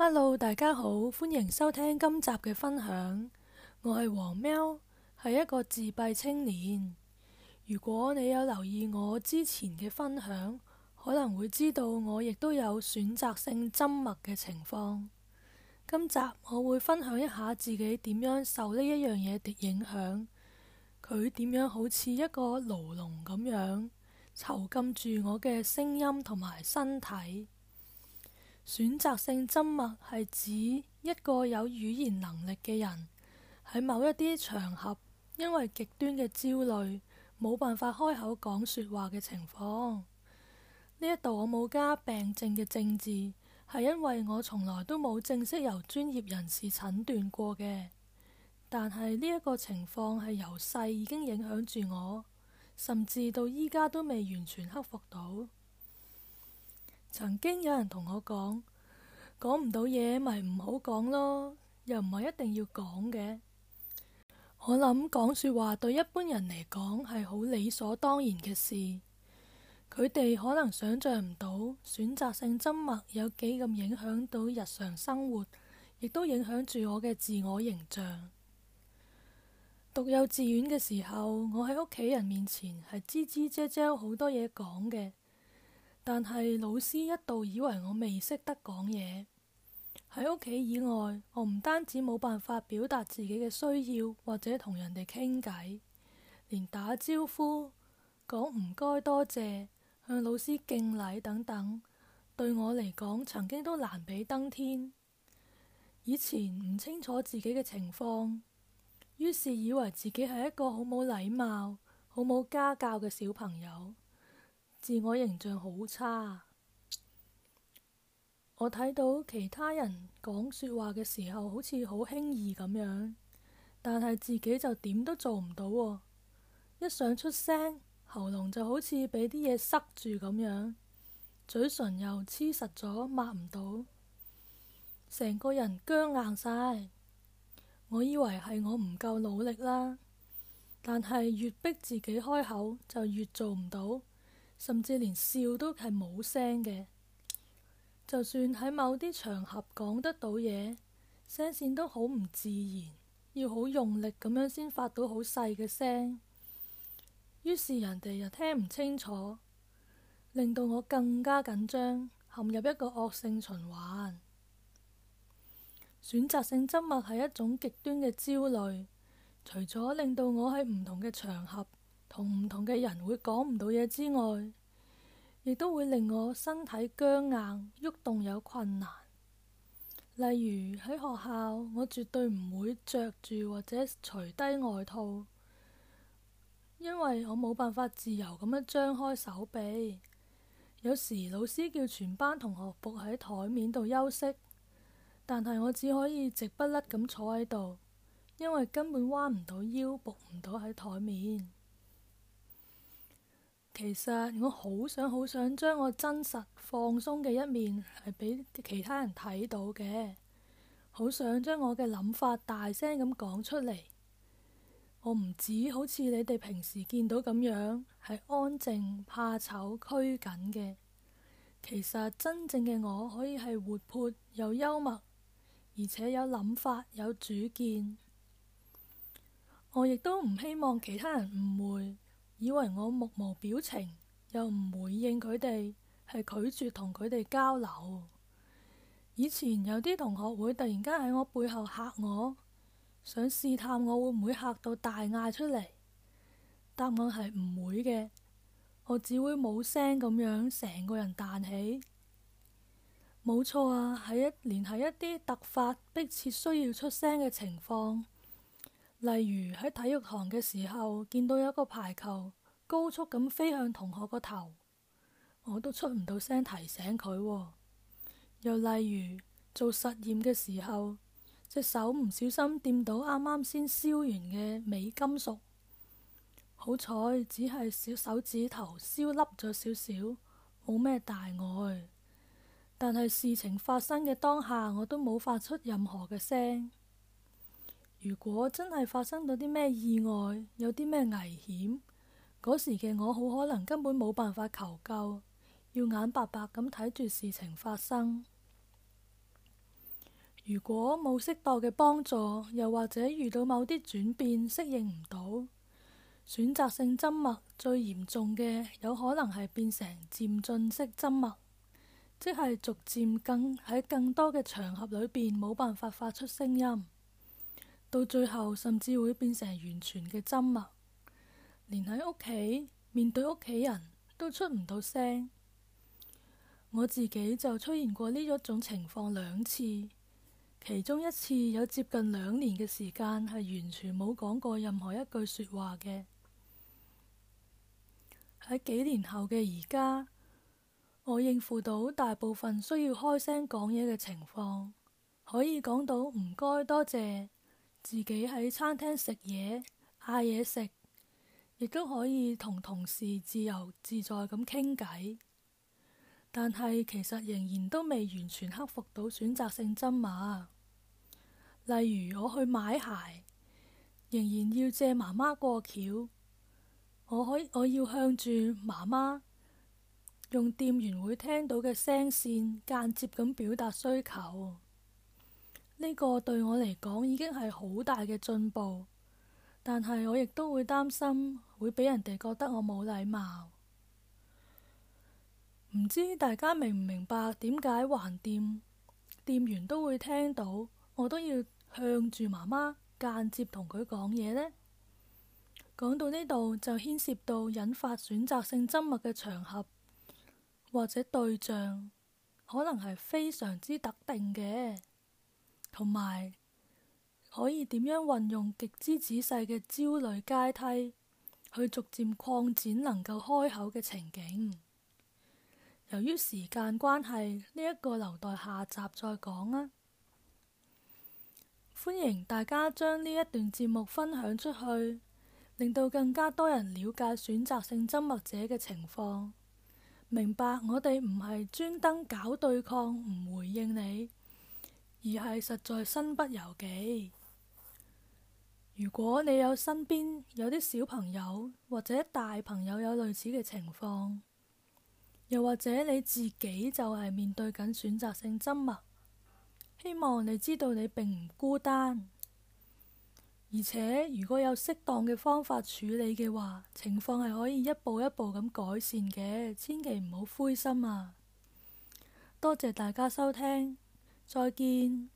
Hello，大家好，歡迎收聽今集嘅分享。我係黃喵，係一個自閉青年。如果你有留意我之前嘅分享，可能會知道我亦都有選擇性緘默嘅情況。今集我會分享一下自己點樣受呢一樣嘢影響，佢點樣好似一個牢籠咁樣囚禁住我嘅聲音同埋身體。選擇性緘默係指一個有語言能力嘅人喺某一啲場合，因為極端嘅焦慮，冇辦法開口講說話嘅情況。呢一度我冇加病症嘅症字，係因為我從來都冇正式由專業人士診斷過嘅。但係呢一個情況係由細已經影響住我，甚至到依家都未完全克服到。曾經有人同我講，講唔到嘢，咪唔好講咯，又唔係一定要講嘅。我諗，講說話對一般人嚟講係好理所當然嘅事，佢哋可能想象唔到選擇性緘默有幾咁影響到日常生活，亦都影響住我嘅自我形象。讀幼稚園嘅時候，我喺屋企人面前係吱吱喳喳好多嘢講嘅。但係老師一度以為我未識得講嘢，喺屋企以外，我唔單止冇辦法表達自己嘅需要，或者同人哋傾偈，連打招呼、講唔該、多謝、向老師敬禮等等，對我嚟講，曾經都難比登天。以前唔清楚自己嘅情況，於是以為自己係一個好冇禮貌、好冇家教嘅小朋友。自我形象好差，我睇到其他人講說話嘅時候好似好輕易咁樣，但係自己就點都做唔到。一想出聲，喉嚨就好似俾啲嘢塞住咁樣，嘴唇又黐實咗，抹唔到，成個人僵硬晒。我以為係我唔夠努力啦，但係越逼自己開口，就越做唔到。甚至連笑都係冇聲嘅，就算喺某啲場合講得到嘢，聲線都好唔自然，要好用力咁樣先發到好細嘅聲，於是人哋又聽唔清楚，令到我更加緊張，陷入一個惡性循環。選擇性緘默係一種極端嘅焦慮，除咗令到我喺唔同嘅場合，同唔同嘅人會講唔到嘢之外，亦都會令我身體僵硬、喐動有困難。例如喺學校，我絕對唔會着住或者除低外套，因為我冇辦法自由咁樣張開手臂。有時老師叫全班同學伏喺台面度休息，但係我只可以直不甩咁坐喺度，因為根本彎唔到腰，伏唔到喺台面。其實我好想好想將我真實放鬆嘅一面係俾其他人睇到嘅，好想將我嘅諗法大聲咁講出嚟。我唔止好似你哋平時見到咁樣，係安靜、怕醜、拘謹嘅。其實真正嘅我可以係活潑又幽默，而且有諗法、有主見。我亦都唔希望其他人誤會。以為我目無表情，又唔回應佢哋，係拒絕同佢哋交流。以前有啲同學會突然間喺我背後嚇我，想試探我會唔會嚇到大嗌出嚟。答案係唔會嘅，我只會冇聲咁樣，成個人彈起。冇錯啊，喺一連係一啲突發迫切需要出聲嘅情況。例如喺體育堂嘅時候，見到有一個排球高速咁飛向同學個頭，我都出唔到聲提醒佢喎。又例如做實驗嘅時候，隻手唔小心掂到啱啱先燒完嘅鎂金屬，好彩只係小手指頭燒粒咗少少，冇咩大礙。但係事情發生嘅當下，我都冇發出任何嘅聲。如果真係發生到啲咩意外，有啲咩危險，嗰時嘅我好可能根本冇辦法求救，要眼白白咁睇住事情發生。如果冇適當嘅幫助，又或者遇到某啲轉變適應唔到，選擇性緘默最嚴重嘅有可能係變成漸進式緘默，即係逐漸更喺更多嘅場合裏邊冇辦法發出聲音。到最後甚至會變成完全嘅緘默，連喺屋企面對屋企人都出唔到聲。我自己就出現過呢一種情況兩次，其中一次有接近兩年嘅時間係完全冇講過任何一句說話嘅。喺幾年後嘅而家，我應付到大部分需要開聲講嘢嘅情況，可以講到唔該多謝。自己喺餐廳食嘢、嗌嘢食，亦都可以同同事自由自在咁傾偈。但係其實仍然都未完全克服到選擇性緘默。例如我去買鞋，仍然要借媽媽過橋。我可我要向住媽媽，用店員會聽到嘅聲線間接咁表達需求。呢個對我嚟講已經係好大嘅進步，但係我亦都會擔心會俾人哋覺得我冇禮貌。唔知大家明唔明白點解橫掂店員都會聽到我都要向住媽媽間接同佢講嘢呢？講到呢度就牽涉到引發選擇性緘默嘅場合或者對象，可能係非常之特定嘅。同埋可以點樣運用極之仔細嘅焦慮階梯，去逐漸擴展能夠開口嘅情景。由於時間關係，呢、這、一個留待下集再講啦。歡迎大家將呢一段節目分享出去，令到更加多人了解選擇性緘默者嘅情況，明白我哋唔係專登搞對抗，唔回應你。而係實在身不由己。如果你有身邊有啲小朋友或者大朋友有類似嘅情況，又或者你自己就係面對緊選擇性緘默，希望你知道你並唔孤單。而且如果有適當嘅方法處理嘅話，情況係可以一步一步咁改善嘅。千祈唔好灰心啊！多謝大家收聽。再見。